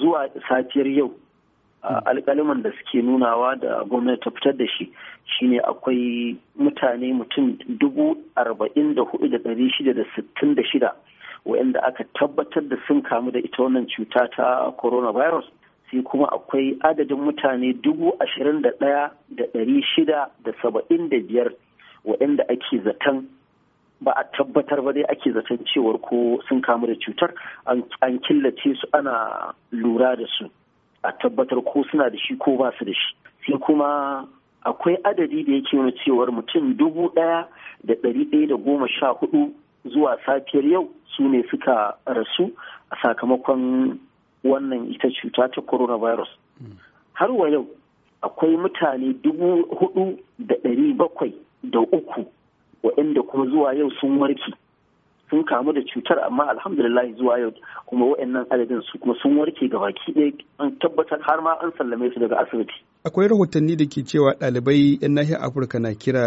zuwa safiyar yau hmm. alkaliman da suke nunawa da gwamnati ta fitar da shi shine akwai mutane mutum dubu arba'in da hudu shida da sittin da shida wa'anda aka tabbatar da sun kamu da ita wannan cuta ta coronavirus sai kuma akwai adadin mutane dubu ashirin da ɗari shida da saba'in da biyar wayanda ake zaton ba a tabbatar ba dai ake zaton cewar ko sun kamu da cutar an killace su ana lura da su a tabbatar ko suna da shi ko ba su da shi sai kuma akwai adadi da yake nuna cewar mutum dubu ɗaya da ɗari ɗaya da goma sha hudu zuwa safiyar yau su ne suka rasu a sakamakon wannan ita cuta ta coronavirus har wa yau akwai mutane dubu hudu da ɗari bakwai da uku waɗanda kuma zuwa yau sun warke sun kamu da cutar amma alhamdulillah zuwa yau kuma waɗannan adadin su kuma sun warke ga baki ɗaya an tabbatar har ma an sallame su daga asibiti. Akwai rahotanni da ke cewa ɗalibai 'yan nahiyar Afirka na kira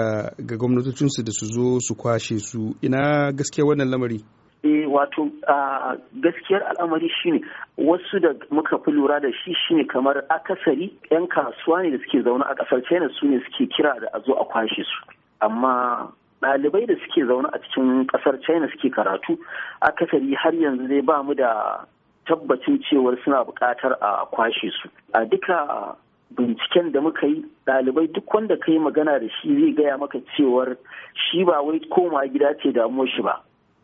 ga gwamnatocinsu da su zo su kwashe su ina gaskiya wannan lamari. Eh wato gaskiyar al'amari shine wasu da muka fi lura da shi shine kamar akasari 'yan kasuwa ne da suke zaune a ƙasar China su ne suke kira da a zo a kwashe su. Amma ɗalibai da suke zaune a cikin ƙasar china suke karatu akasari har yanzu zai ba mu da tabbacin cewar suna buƙatar a kwashe su a duka binciken da muka yi ɗalibai duk wanda ka yi magana da shi zai gaya maka cewar shi ba wai koma gida ce damuwa shi ba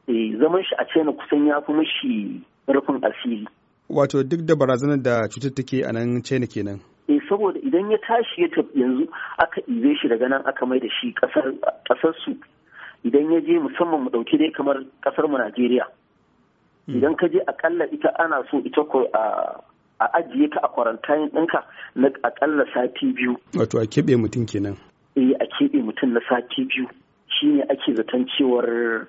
eh, zaman shi a china kusan ya fi mashi rufin asiri wato duk da barazanar da cutar take a nan china kenan eh saboda idan ya tashi ya tafi yanzu aka ibe shi daga nan aka mai da shi kasar su idan ya je musamman mu dauki dai kamar kasar mu Najeriya hmm. idan ka je akalla ita ana so ita ko a ajiye ka a kwarantayin ɗinka na akalla sati biyu wato a keɓe mutum kenan eh a keɓe mutum na sati biyu shine ake zaton cewar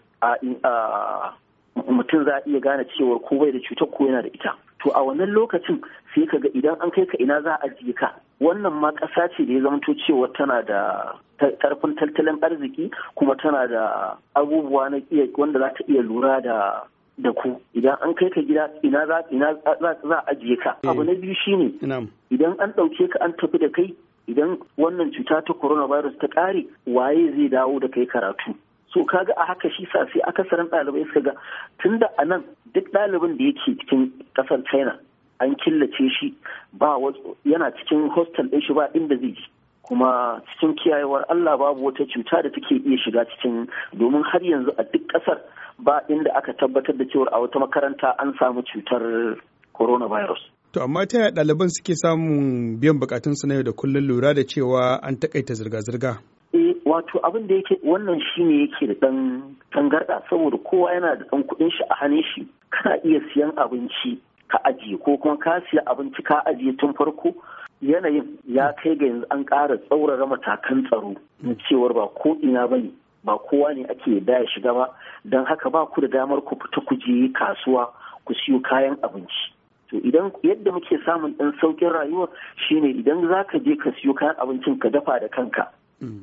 mutum za a iya gane cewar ko bai da cutar ko yana da ita to a wannan lokacin sai ka ga idan an kai ka ina za a je ka wannan ma ƙasa ce da ya zamanto cewa tana da ƙarfin tattalin arziki kuma tana da abubuwa na iya wanda za ta iya lura da da ku idan an kai ka gida ina za ina za a ajiye ka abu eh. na biyu shine idan an ɗauke ka an tafi da kai idan wannan cuta ta coronavirus ta ƙare waye zai dawo da kai karatu so kaga a haka shi sa sai akasarin ɗalibai suka ga tunda a nan duk ɗalibin da yake cikin ƙasar china an killace shi ba yana cikin hostel ɗin shi ba inda zai ji kuma cikin kiyayewar Allah babu wata cuta da take iya shiga cikin domin har yanzu a duk ƙasar ba inda aka tabbatar da cewar a wata makaranta an samu cutar coronavirus. To amma ta yaya ɗaliban suke samun biyan bukatunsu na yau da kullum lura da cewa an takaita zirga-zirga? wato abin da yake wannan ne yake da ɗan tangarɗa saboda kowa yana da ɗan kuɗin shi a hannun shi kana iya siyan abinci ka ajiye ko kuma ka siya abinci ka ajiye tun farko yanayin ya kai ga yanzu an ƙara tsaurara matakan tsaro na cewar ba ko ina ba ne ba kowa ne ake da ya shiga ba don haka ba ku da damar ku fita ku je kasuwa ku siyo kayan abinci to idan yadda muke samun ɗan saukin rayuwa shine idan za ka je ka siyo kayan abincin ka dafa da kanka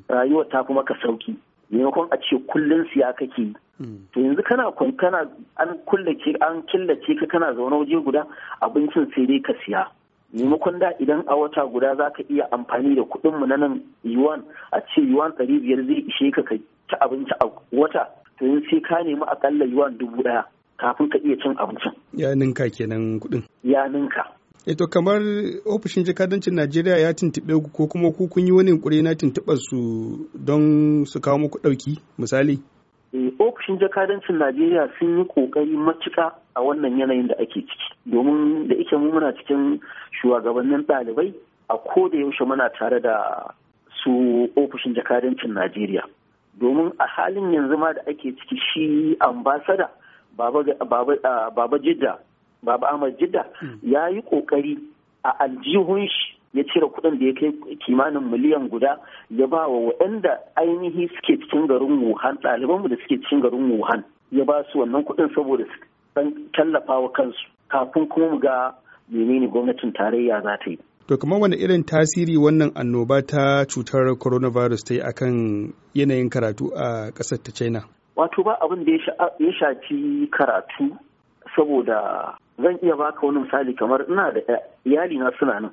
rayuwar ta kuma ka sauki maimakon a ce kullun siya kake yi to yanzu kana kwankana an kullace an killace ka kana zaune waje guda abincin sai dai ka siya maimakon da idan a wata guda za ka iya amfani da kuɗin mu na nan yuwan a ce yuwan ɗari biyar zai ishe ka ka ci abinci a wata to yanzu sai ka nemi akalla yuwan dubu ɗaya kafin ka iya cin abincin. Ya ninka kenan kuɗin. Ya ninka. Eto eh, kamar ofishin jakadancin Najeriya ya tuntuɓe ku ko kuma ku kun yi wani yunkuri na tuntuɓar su don su kawo muku ɗauki misali? Eh, ofishin jakadancin Najeriya sun yi ƙoƙari matuƙa a wannan yanayin da ake ciki domin da ike mu muna cikin shugabannin ɗalibai a ko da yaushe muna tare da su ofishin jakadancin Najeriya. Domin a halin yanzu ma da ake ciki shi ambasada ah, Baba Jidda baba ahmad jidda hmm. ya yi kokari a aljihun shi ya cire kuɗin da ya kai kimanin miliyan guda ya ba wa waɗanda ainihi suke cikin garin wuhan ɗalibanmu da suke cikin garin wuhan ya ba su wannan kuɗin saboda su san tallafa wa kansu kafin kuma mu ga menene gwamnatin tarayya za ta yi to kamar wani irin tasiri wannan annoba ta cutar coronavirus ta yi akan yanayin karatu a ƙasar ta china wato ba abin da ya shafi karatu saboda zan iya baka wani misali kamar ina da iyali na suna nan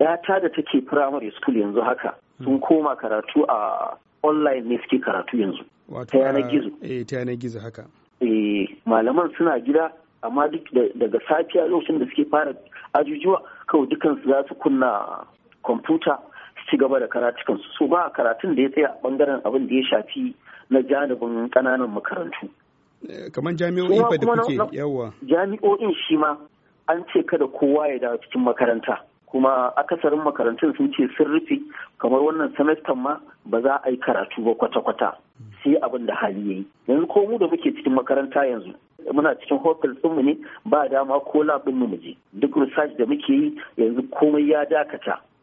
yata eh, da take primary school yanzu haka sun hmm. koma karatu a online ne suke karatu yanzu ta yanar gizo eh ta yanar gizo haka eh malaman suna gida amma duk daga safiya lokacin da suke fara ajujuwa kawai su za su kunna kwamfuta su ci gaba da karatukansu so ba karatun da ya tsaya a bangaren abin da ya shafi na janibin ƙananan makarantu kamar jami'o'i fa da kuke yawa jami'o'in shi ma an ce kada kowa ya dawo cikin makaranta kuma akasarin makarantun sun ce sun rufe kamar wannan semester ma ba za a yi karatu ba kwata-kwata sai abin da hali yayi yanzu ko mu da muke cikin makaranta yanzu muna cikin hotel mu ne ba dama ko labin mu je duk research da muke yi yanzu komai ya dakata